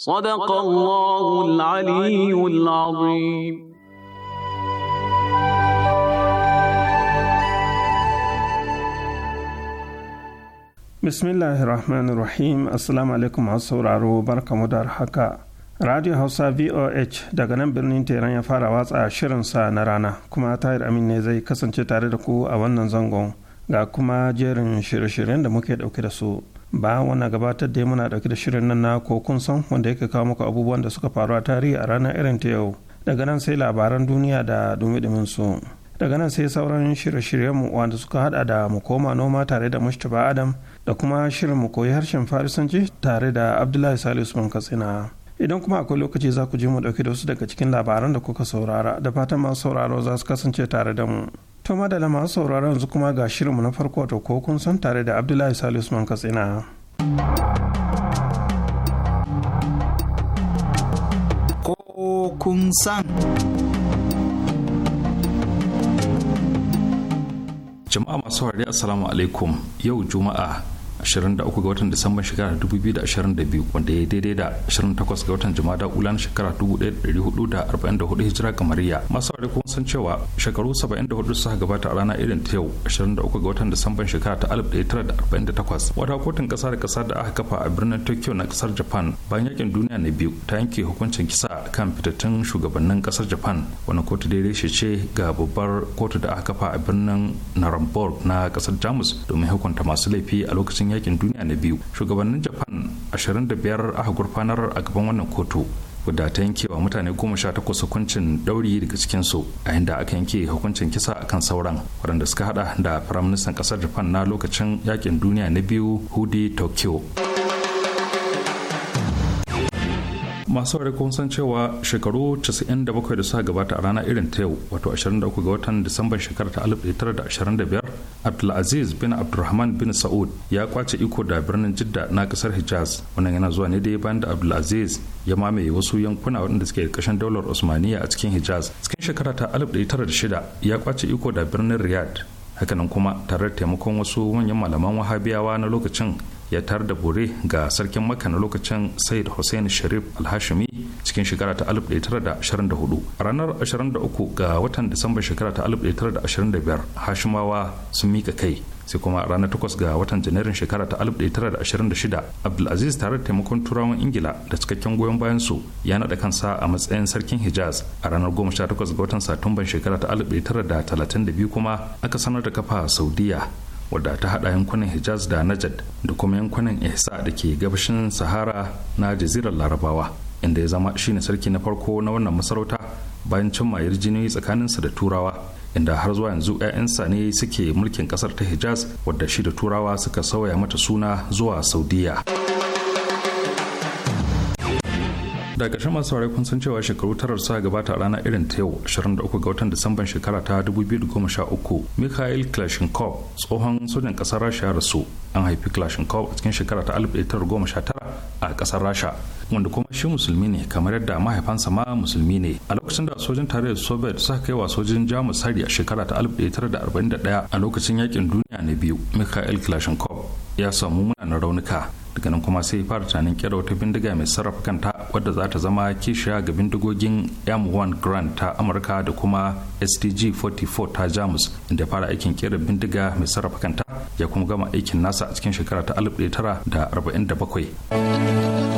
صدق الله العلي العظيم bismillahi الرحمن rahim السلام عليكم masu sauraro بركة مدار haka radio hausa voh daga nan birnin teran ya fara watsa shirin sa na rana kuma tahir amin ne zai kasance tare da ku a wannan zangon ga kuma jerin shirye-shiryen da muke dauke da su bayan wannan gabatar da muna dauke da shirin nan na ko kun san wanda yake kawo muku abubuwan da suka faru a tarihi a ranar irin ta yau daga nan sai labaran duniya da dumi-dumin su daga nan sai sauran shirye mu wanda suka hada da mu koma noma tare da mustapha adam da kuma shirin mu koyi harshen farisanci tare da abdullahi salisu usman katsina idan kuma akwai lokaci za ku je mu dauke da wasu daga cikin labaran da kuka saurara da fatan masu sauraro za su kasance tare da mu To madala masu sauraron yanzu kuma ga shirinmu na farko to ko kun san tare da Abdullahi Salisu Usman Katsina. Ko kun san. Jama'a masu wari Assalamu alaikum yau Juma'a 23 ga watan Disamban shekara 2022 wanda ya daidai da 28 ga watan Jumada Ulan shekara 1444 Hijira kamariya. Masu aure kuma san cewa shekaru 74 suka gabata a rana irin ta yau 23 ga watan Disamban shekara ta 1948. Wata kotun kasa da kasa da aka kafa a birnin Tokyo na kasar Japan bayan yakin duniya na biyu ta yanke hukuncin kisa kan fitattun shugabannin kasar Japan. Wani kotu daidai shi ce ga babbar kotu da aka kafa a birnin Narambor na kasar Jamus domin hukunta masu laifi a lokacin yakin duniya na biyu shugabannin japan 25 aka gurfanar a gaban wannan kotu wadda ta yankewa mutane goma sha takwas hukuncin dauri daga cikinsu a inda aka yanke hukuncin kisa a kan sauran waɗanda suka hada da firaministan ƙasar japan na lokacin yakin duniya na biyu hudi tokyo masu ware kun san cewa shekaru 97 da suka gabata a rana irin ta yau wato 23 ga watan disamban shekarar ta 1925 abdulaziz bin abdulrahman bin sa'ud ya kwace iko da birnin jidda na kasar hijaz wannan yana zuwa ne dai bayan da abdulaziz ya mamaye wasu yankuna waɗanda suke ƙarshen daular usmaniya a cikin hijaz cikin shekara ta 1906 ya kwace iko da birnin riyad hakanan kuma tare da taimakon wasu manyan malaman wahabiyawa na lokacin ya tar da bore ga sarkin makka na lokacin said hussein sharif alhashimi cikin shekara ta 1924 a ranar 23 ga watan disamba shekara ta 1925 hashimawa sun mika kai sai kuma a ranar 8 ga watan janairun shekara ta 1926 abdulaziz tare da taimakon turawan ingila da cikakken goyon bayan su ya nada kansa a matsayin sarkin hijaz a ranar 18 ga watan satumban shekara ta 1932 kuma aka sanar da kafa saudiya wadda ta hada yankunan hijaz da najad da kuma yankunan ihsa da ke gabashin sahara na jazirar larabawa inda ya zama shine sarki na farko na wannan masarauta bayan cimma yarjiniyoyi tsakaninsa da turawa inda har zuwa yanzu 'ya'yansa ne suke mulkin kasar ta hijaz wadda shi da turawa suka sauya mata suna zuwa saudiya da ƙarshen masu saurari kun san cewa shekaru tarar sa gabata a ranar irin ta yau 23 ga watan disamban shekara ta 2013 mikhail klashenkov tsohon sojan ƙasar rasha ya rasu an haifi klashenkov a cikin shekara ta 1919 a ƙasar rasha wanda kuma shi musulmi ne kamar yadda mahaifansa ma musulmi ne a lokacin da sojin tarayyar soviet suka kai wa sojin jamus hari a shekara ta 1941 a lokacin yakin duniya na biyu mikhail klashenkov ya samu munanan raunuka daga nan kuma sai fara tunanin kera wata bindiga mai sarrafa kanta wadda za ta zama kishiya ga bindigogin m1 grand ta amurka da kuma stg 44 ta jamus inda fara aikin kera bindiga mai sarrafa kanta ya kuma gama aikin nasa a cikin shekara ta 1947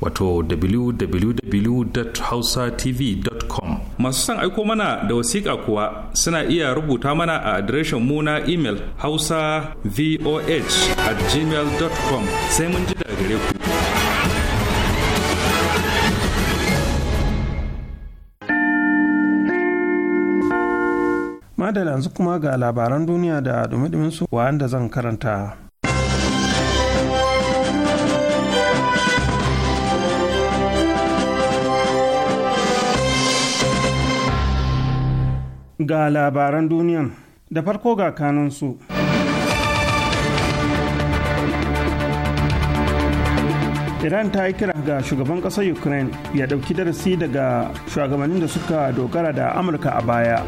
wato www.hausatv.com masu son aiko mana da wasiƙa kuwa suna iya rubuta mana a adireshin mu na imel hausa voh at gmail.com sai mun ji da gare ku madalla yanzu kuma ga labaran duniya da dumi-duminsu wa'anda zan karanta ga labaran duniyan da farko ga kanunsu. iran ta yi kira ga shugaban ƙasar ukraine ya ɗauki darasi daga shugabannin da suka dogara da amurka a baya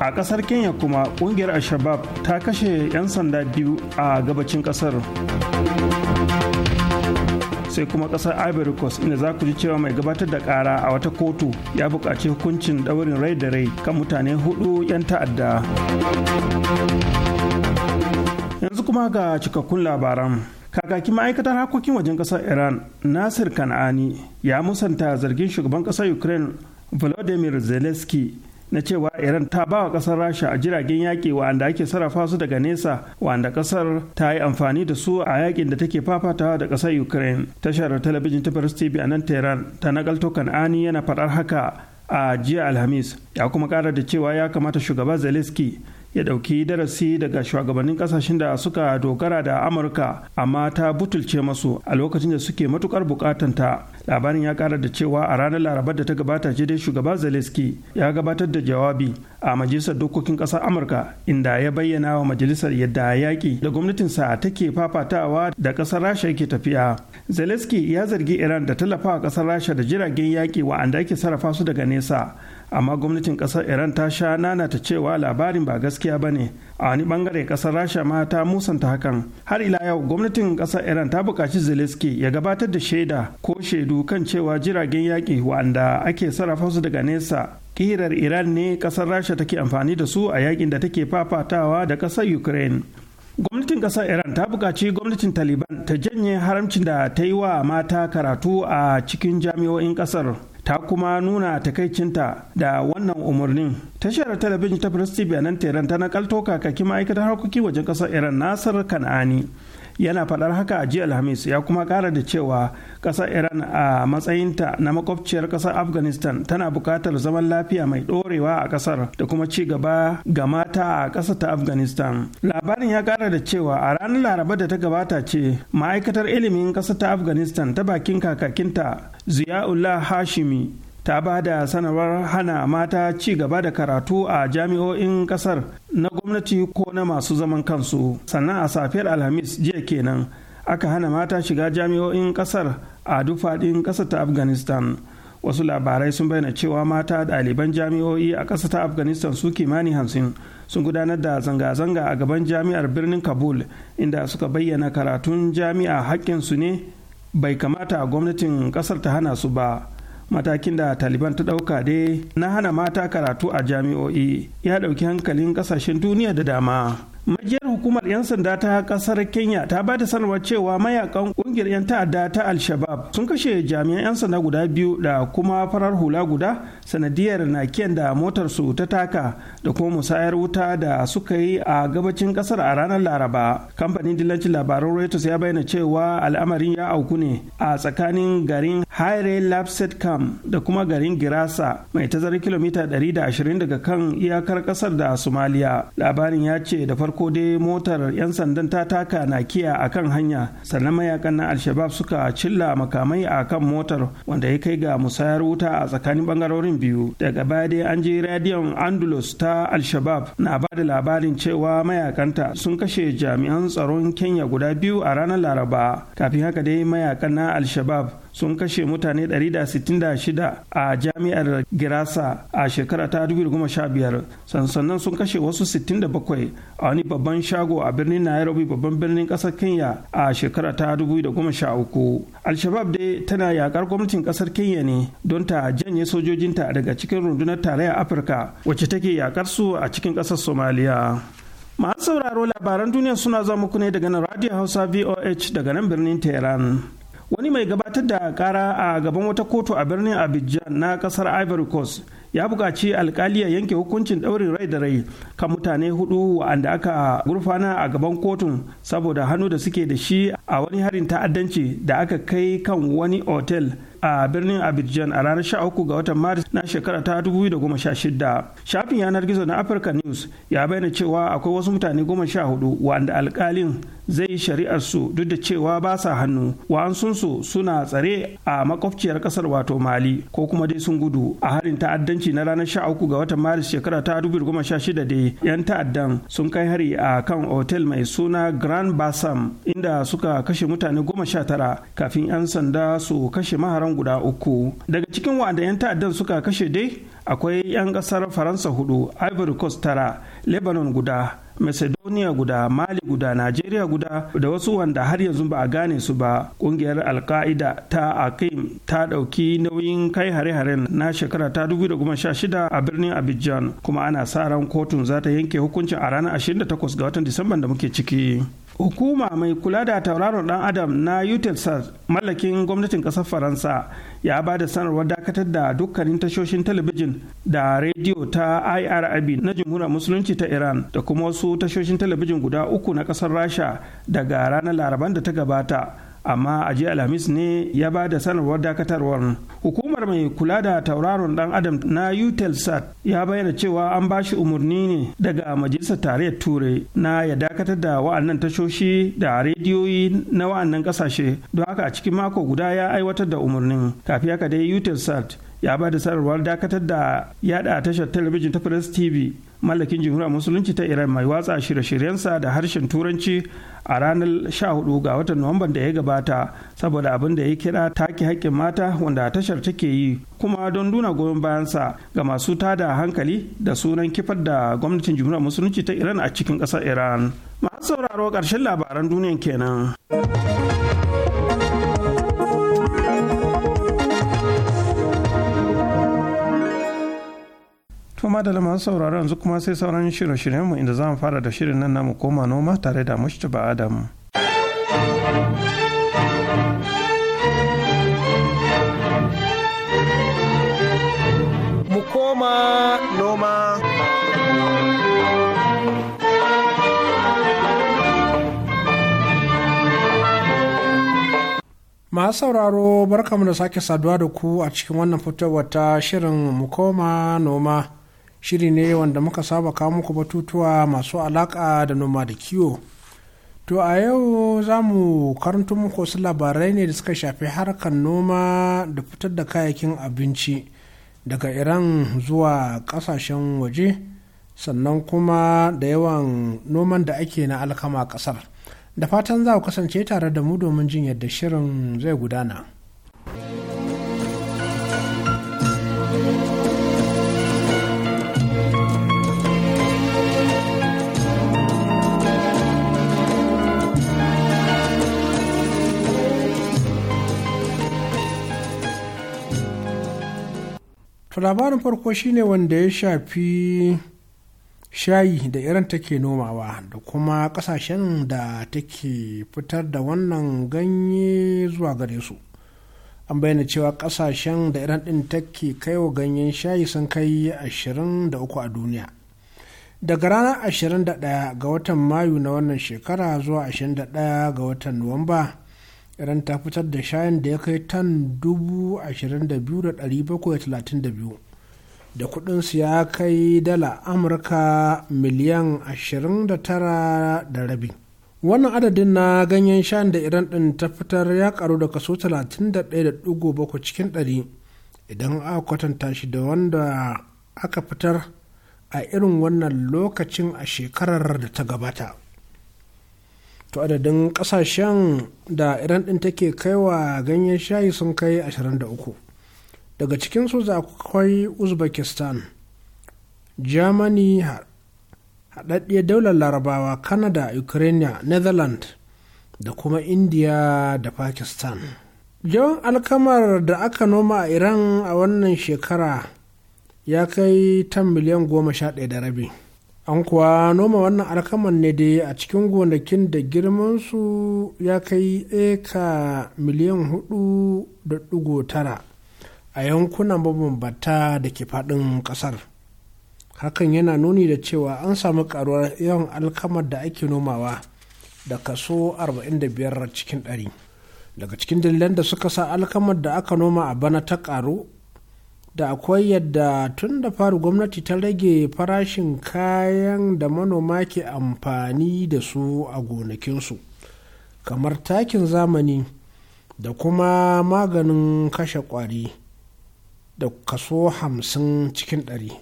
a ƙasar kenya kuma ƙungiyar al-shabab ta kashe 'yan sanda biyu a gabacin ƙasar sai kuma kasar ivory coast inda za ku ji cewa mai gabatar da kara a wata kotu ya buƙaci hukuncin ɗaurin rai da rai kan mutane hudu 'yan ta'adda yanzu kuma ga cikakkun labaran kakakin ma'aikatar harkokin wajen ƙasar iran nasir kan'ani ya musanta zargin shugaban ƙasar ukraine volodymyr zelensky na cewa iran ta ba wa kasar rasha a jiragen yaƙi wanda ake sarrafa su daga nesa wa'anda kasar ta yi amfani da su a yaƙin da take fafatawa da ƙasar ukraine tashar talabijin ta paris tv a nan tehran ta nakalto ani yana faɗar haka a jiya alhamis ya kuma ƙara da cewa ya kamata shugaba zelensky ya ɗauki darasi daga shugabannin ƙasashen da suka dogara da amurka amma ta butulce masu a lokacin da suke matukar bukatanta labarin ya kara da cewa a ranar larabar da ta gabata ce dai shugaba zelensky ya gabatar da jawabi a majalisar dokokin ƙasar amurka inda ya bayyana wa majalisar yadda yaƙi da gwamnatinsa take fafatawa da ƙasar rasha yake tafiya zelensky ya zargi iran da tallafa wa ƙasar rasha da jiragen yaƙi wa'anda ake sarrafa su daga nesa amma gwamnatin kasar iran ta sha nana ta cewa labarin ba gaskiya ba ne a wani bangare kasar rasha ma ta musanta hakan har ila yau gwamnatin kasar iran ta bukaci zelensky ya gabatar da shaida ko shaidu kan cewa jiragen yaƙi wanda ake sarrafa su daga nesa kirar iran ne kasar rasha take amfani da su a yakin da take fafatawa da kasar ukraine gwamnatin kasar iran ta bukaci gwamnatin taliban ta janye haramcin da ta yi wa mata karatu a cikin jami'o'in kasar ta kuma nuna takaicinta da wannan umarnin tashar talabijin ta firistin bayanan teran ta nakalto kakakin ma'aikatar harkoki wajen ƙasar iran nasar kan'ani yana faɗar haka a jiya alhamis ya kuma ƙara da cewa ƙasar iran a matsayinta na makwabciyar ƙasar afghanistan tana buƙatar zaman lafiya mai ɗorewa a ƙasar da kuma ci gaba ga mata a ƙasar ta afghanistan labarin ya ƙara da cewa a ranar laraba da ta gabata ce ma'aikatar ilimin ƙasar ta afghanistan ta bakin kakakinta ziyaullah hashimi ta ba da sanarwar hana mata ci gaba da karatu a jami'o'in kasar na gwamnati ko na masu zaman kansu sannan a safiyar alhamis jiya kenan aka hana mata shiga jami'o'in kasar a duk faɗin ƙasar ta afghanistan wasu labarai sun bayyana cewa mata ɗaliban jami'o'i a ƙasar ta afghanistan su kimani hamsin sun gudanar da zanga-zanga a gaban jami'ar birnin kabul inda suka bayyana karatun jami'a haƙƙinsu ne bai kamata gwamnatin ƙasar ta hana su ba matakin da taliban ta ɗauka dai na hana mata karatu a jami'o'i ya ɗauki hankalin ƙasashen duniya da dama majiyar hukumar 'yan sanda ta kasar kenya ta ba da sanarwar cewa mayakan kungiyar 'yan ta'adda ta al-shabab sun kashe jami'an 'yan sanda guda biyu da kuma farar hula guda sanadiyar naken da motarsu ta taka da kuma musayar wuta da suka yi a gabacin kasar a ranar laraba kamfanin dillancin labarun reuters ya bayyana cewa al'amarin ya auku ne a tsakanin garin haire lapset camp da kuma garin girasa mai tazarar kilomita 120 daga kan iyakar kasar da somaliya labarin ya ce da farko dai motar 'yan sandan ta taka na nakiya a kan hanya sannan mayakan na alshabab suka cilla makamai a kan motar wanda ya kai ga musayar wuta a tsakanin bangarorin biyu daga baya dai an ji rediyon andalus ta alshabab na ba da labarin cewa mayakanta sun kashe jami'an tsaron kenya guda biyu a ranar laraba kafin haka dai mayakan na alshabab sun kashe mutane 166 a jami'ar girasa a shekara ta 2015 sansannan sun kashe wasu 67 a wani babban shago a birnin nairobi babban birnin kasar kenya a shekara ta 2013 al-shabab dai tana yakar gwamnatin kasar kenya ne don ta janye sojojinta daga cikin rundunar tarayya afirka wacce take yakar su a cikin kasar somaliya masu sauraro labaran duniya suna zama muku ne daga nan radio hausa voh daga nan birnin tehran wani mai gabatar da kara a gaban wata kotu a birnin abidjan na kasar ivory coast ya buƙaci alkali ya yanke hukuncin ɗaurin rai da rai kan mutane hudu wa'anda aka gurfana a gaban kotun saboda hannu da suke da shi a wani harin ta'addanci da aka kai kan wani otel a birnin abidjan a ranar 13 ga watan maris na shekara ta 2016 shafin yanar gizo na africa news ya bayyana cewa akwai wasu mutane 14 wanda alkalin zai yi shari'ar su duk da cewa ba sa hannu wa'ansunsu suna tsare a makwabciyar kasar wato mali ko kuma dai sun gudu a harin ta'addanci na ranar 13 ga watan maris shekara ta 2016 dai yan ta'addan sun kai hari a kan otel mai suna grand basam inda suka kashe mutane sha tara kafin 'yan sanda su kashe maharan guda uku daga cikin wa'anda 'yan ta'addan suka kashe dai akwai 'yan ƙasar faransa hudu ivory coast tara lebanon guda macedonia guda mali guda nigeria guda da wasu wanda har yanzu ba a gane su ba kungiyar alka'ida ta akim ta ɗauki nauyin kai hare-haren na shekara ta 2016 a birnin abidjan kuma ana sa ran kotun za ta yanke hukuncin a ranar 28 ga watan disamba da muke ciki hukuma mai kula da tauraron dan adam na utelsat mallakin gwamnatin kasar faransa ya ba da sanarwar dakatar da dukkanin tashoshin talabijin da rediyo ta irib na jamhuriyar musulunci ta iran da kuma wasu tashoshin talabijin guda uku na kasar rasha daga ranar laraban da ta gabata amma a jiya alhamis ne ya ba da sanarwar dakatarwar hukumar mai kula da tauraron dan adam na utelsat ya bayyana cewa an ba shi umarni ne daga majalisar tarayyar turai na ya dakatar da wa'annan tashoshi da rediyoyi na wa'annan kasashe don haka a cikin mako guda ya aiwatar da umarnin kafin haka dai utelsat ya ba da sanarwar dakatar da yada tashar talabijin ta press tv mallakin jimhuriyar musulunci ta iran mai watsa shirye-shiryensa da harshen turanci a ranar 14 ga watan nuwamban da ya gabata saboda abin da ya kira take haƙƙin mata wanda tashar take yi kuma don nuna goyon bayansa ga masu tada hankali da sunan kifar da gwamnatin jimhuriyar musulunci ta iran a cikin ƙasar iran masu sauraro karshen labaran duniyan kenan. da masu sauraron yanzu kuma sai sauran shirye-shiryenmu inda za mu fara da shirin nan namu koma noma tare da ba adam masu sauraro barkamu da sake saduwa da ku a cikin wannan fitowar ta shirin mukoma noma shiri ne wanda muka saba kawo muku batutuwa masu alaka da noma da kiwo to a yau za mu karanto muku wasu labarai ne da suka shafi harkar noma da fitar da kayayyakin abinci daga iran zuwa kasashen waje sannan kuma da yawan noman da ake na alkama kasar da fatan za ku kasance tare da mu domin jin yadda shirin zai gudana. to labarin farko shine wanda ya shafi shayi da iran take nomawa da kuma kasashen da take fitar da wannan ganye zuwa gare su an bayyana cewa kasashen da iran din take kaiwa ganyen shayi sun kai 23 a duniya daga ranar 21 ga watan mayu na wannan shekara zuwa 21 ga watan nuwamba iran ta fitar da shayin da ya kai tan 22,732 da su ya kai dala amurka miliyan 29 wannan adadin na ganyen shayin da iran din ta fitar ya karu da kaso 31.7 cikin 100 idan aka kwatanta shi da wanda aka fitar a irin wannan lokacin a shekarar da ta gabata to adadin kasashen da iran din take kaiwa ganyen shayi sun kai 23 daga su za akwai uzbekistan germany haɗaɗɗiyar daular larabawa canada ukraine netherlands da kuma india da pakistan yawan alkamar da aka noma a iran a wannan shekara ya kai 10 miliyan 11 da rabi an kuwa noma wannan alkaman ne dai a cikin gonakin da girmansu ya kai eka miliyan hudu da dugo tara a yankunan mabambata da ke faɗin ƙasar hakan yana nuni da cewa an samu karuwar yawan alkamar da ake nomawa da kaso 45 cikin 100 daga cikin dalilan da suka sa alkamar da aka noma a bana ta karu da akwai yadda tun da faru gwamnati ta rage farashin kayan da manoma ke amfani da su a gonakinsu kamar takin zamani da kuma maganin kashe kwari da kaso hamsin cikin ɗari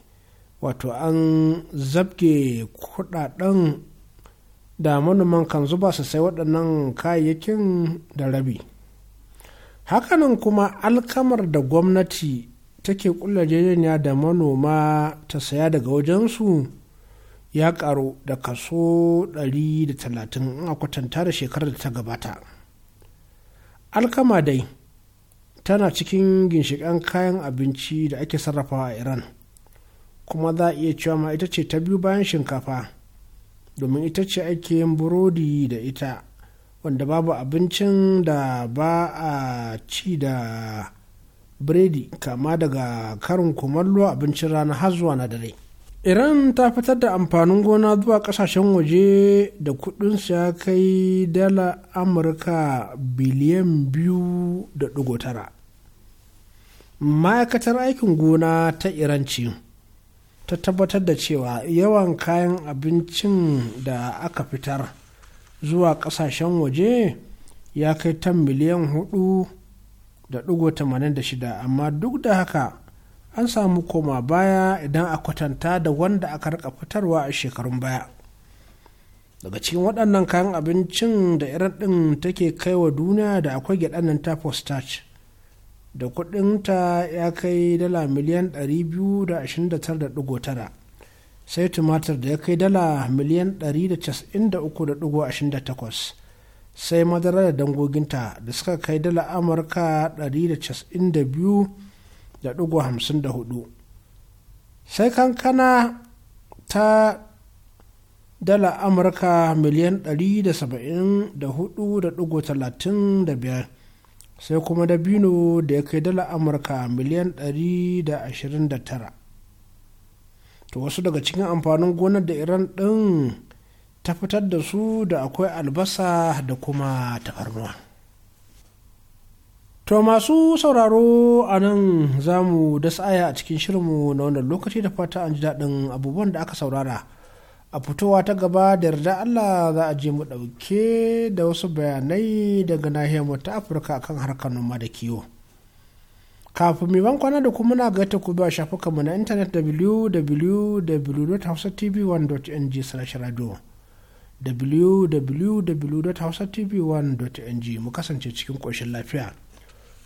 wato an zabge kudaden da manoman kan zuba su sai waɗannan kayayyakin da rabi hakanan kuma alkamar da gwamnati take kulla jejeniya da manoma ta saya daga wajensu ya karu da kaso 130 a kwatanta da shekarar da ta gabata alkama dai tana cikin ginshikan kayan abinci da ake sarrafawa a iran kuma za a iya cewa ma ita ce ta biyu bayan shinkafa domin ita ce ake yin burodi da ita wanda babu abincin da ba a ci da biredi kama daga karin kumallo abincin rana har zuwa na dare iran ta fitar da amfanin gona zuwa kasashen waje da kudin ya kai dala amurka biliyan biyu da dugo tara ma'aikatar aikin gona ta iranci ta tabbatar da cewa yawan kayan abincin da aka fitar zuwa kasashen waje ya kai ta miliyan hudu da shida amma duk da haka an samu koma baya idan a kwatanta da wanda aka rika fitarwa a shekarun baya daga cikin waɗannan kayan abincin da irin ɗin take kaiwa duniya da akwai gyaɗanan tafo starch da kuɗinta ya kai dala miliyan 229.9 sai tumatir da ya kai dala miliyan 193.28 sai madara da dangoginta da suka kai dala amurka 192.54 sai kankana ta dala amurka miliyan 174.35 sai kuma dabino da ya kai dala amurka miliyan 129 to wasu daga cikin amfanin gonar da iran ɗin ta fitar da su da akwai albasa da kuma takarnuwa. To masu sauraro a nan za mu aya a cikin shirinmu na wannan lokaci da fata an ji daɗin abubuwan da aka saurara. A fitowa ta gaba da yarda Allah za a je mu ɗauke da wasu bayanai daga nahiyar mu ta Afirka kan harkar noma da kiwo. kafin mai ban kwana da kuma na gaita ku ba shafukanmu na intanet www.hausatv1.ng/radio www.hausatv1.ng mu kasance cikin ƙoshin lafiya.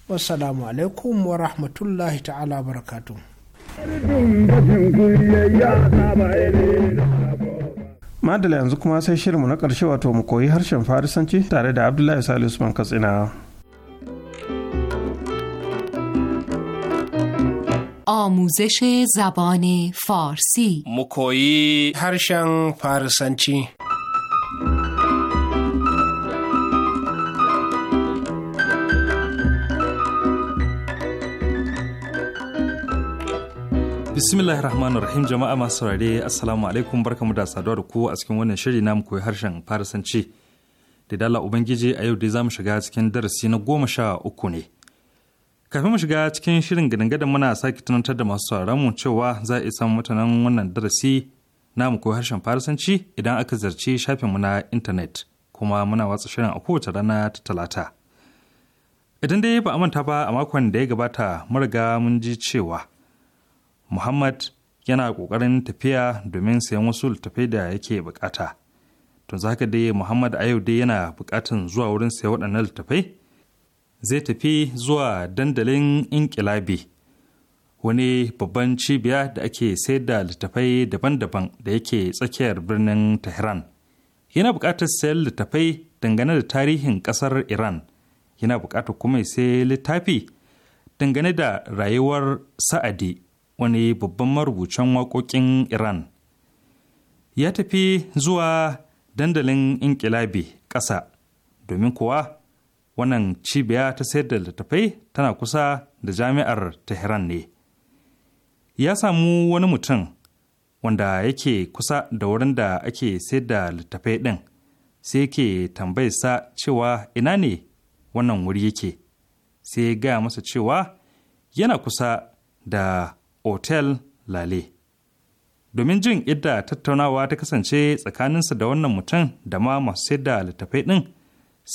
Wassalamu alaikum wa rahmatullahi ta'ala barakatu. Madala yanzu kuma sai shirinmu na ƙarshe wato mu koyi harshen Farisanci tare da Abdullahi Salisu Usman Katsina. آموزش زبان فارسی مکویی هرشن فارسنچی Bismillahir Rahmanir Rahim jama'a masu saurare Assalamu alaikum barkamu da saduwa da ku a cikin wannan shiri namu koyi harshen Farisanci. Da dala Ubangiji a yau dai zamu shiga cikin darasi na goma sha uku ne. Kafin mu shiga cikin shirin gadangadan muna sake tunantar da masu sauraron mu cewa za a samu mutanen wannan darasi namu koyi harshen Farisanci idan aka zarci shafin mu na intanet kuma muna watsa shirin a kowace rana ta talata. Idan dai ba a manta ba a makon da ya gabata mun ji cewa muhammad yana ƙoƙarin tafiya domin sayan wasu littattafai da yake bukata to za ka dai muhammad a yau dai yana bukatan zuwa wurin sayan waɗannan littafai zai tafi zuwa dandalin inkilabi wani babban cibiya da ake sayar da littattafai daban-daban da yake tsakiyar birnin tehran yana bukatar sayar littattafai dangane da tarihin ƙasar iran yana bukatar kuma sai littafi dangane da rayuwar sa'adi wani babban marubucin waƙoƙin Iran. Ya tafi zuwa dandalin inkilabi ƙasa, domin kuwa wannan cibiya ta sayar da littattafai tana kusa da jami'ar Tehran ne. Ya samu wani mutum wanda yake kusa da wurin da ake sayar da littattafai ɗin, sai yake tambayarsa cewa ina ne wannan wuri yake, sai ya gaya masa cewa yana kusa da otel lale domin jin idda tattaunawa ta kasance tsakaninsa da wannan mutum da ma masu sayar da littafai ɗin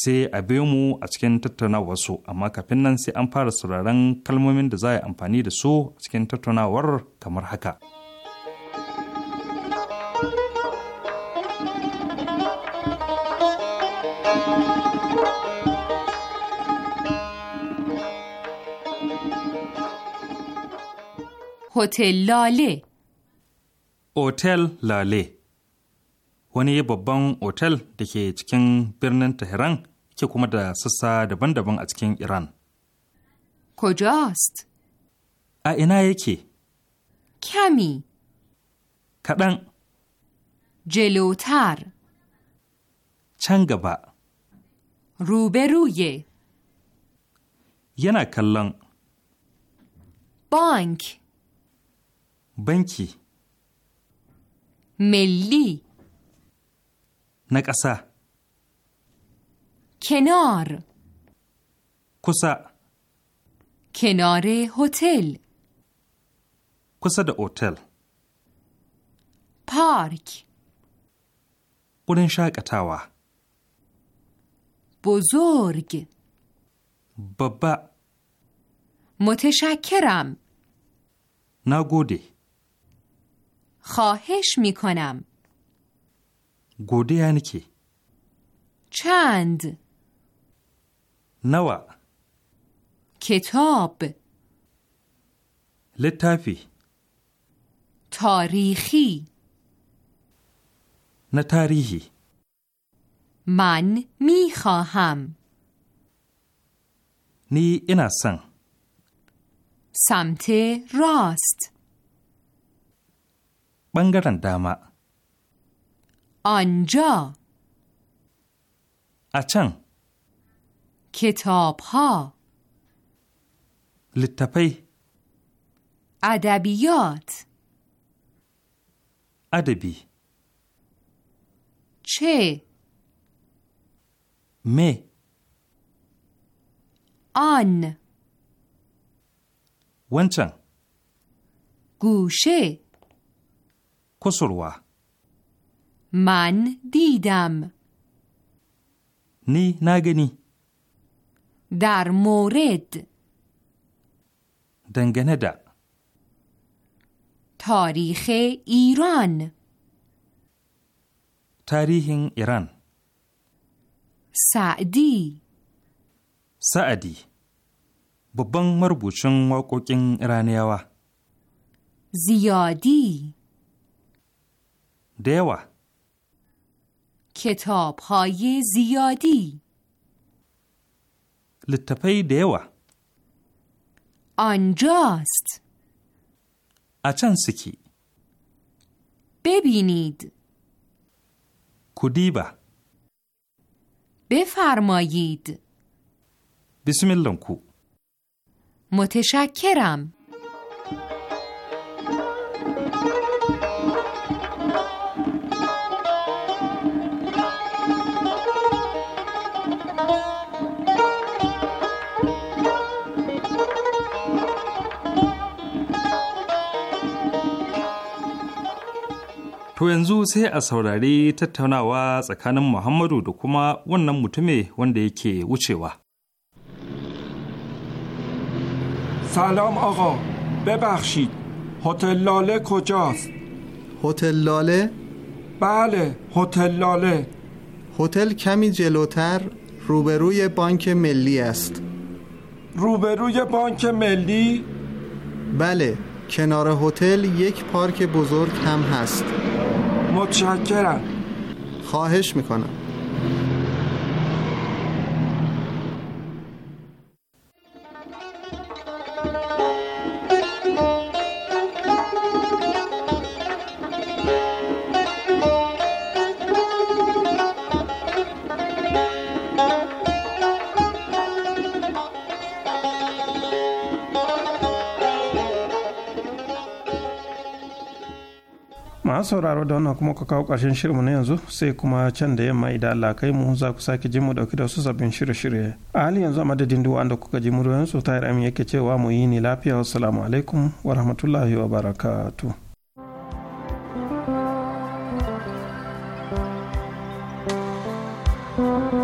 sai a biyo mu a cikin tattaunawar su amma kafin nan sai an fara sauraron kalmomin da za a yi amfani da su a cikin tattaunawar kamar haka. هتل لاله هتل لاله wani babban otal da ke cikin birnin Tehran ke kuma da sassa daban-daban a cikin Iran. Kojast? A ina yake? Kyami. Kaɗan. Jelotar. Can gaba. Ruberuye. Yana kallon. Bank. banki milli na ƙasa kenar kusa kenare hotel kusa da otel park wurin shaƙatawa bozorg babba Na gode. خواهش می کنم گوده یعنی کی؟ چند نوا کتاب لطفی تاریخی نه من می خواهم نی این سمت راست ɓangaren dama. آنجا اچن کتاب ها لطفی ادبیات ادبی چه می آن ونچن گوشه Kusurwa. Man didam. Ni gani. Dar mored. da. Tarihe Iran. Tarihin Iran. Sa'di. Sa'adi. Babban marubucin waƙoƙin Iraniyawa. Ziyadi. دیوه کتاب های زیادی لطپه دیوه آنجاست اچن سکی ببینید کدیبه بفرمایید بسم الله کو متشکرم To yanzu sai a saurari tattaunawa tsakanin Muhammadu da kuma wannan mutume wanda yake wucewa. سلام آقا ببخشید هتل لاله کجاست؟ هتل لاله؟ بله هتل لاله هتل کمی جلوتر روبروی بانک ملی است روبروی بانک ملی؟ بله کنار هتل یک پارک بزرگ هم هست متشکرم خواهش میکنم sauraro da wannan kuma ka kawo ƙarshen shirinmu na yanzu sai kuma can da yamma idan Allah kai mu za ku sake jin mu dauki da wasu sabbin shirye-shirye. A halin yanzu a madadin duwa da kuka ji mu muryoyin su tayar amin yake cewa mu yi ni lafiya wassalamu alaikum wa rahmatullahi wa barakatu. thank you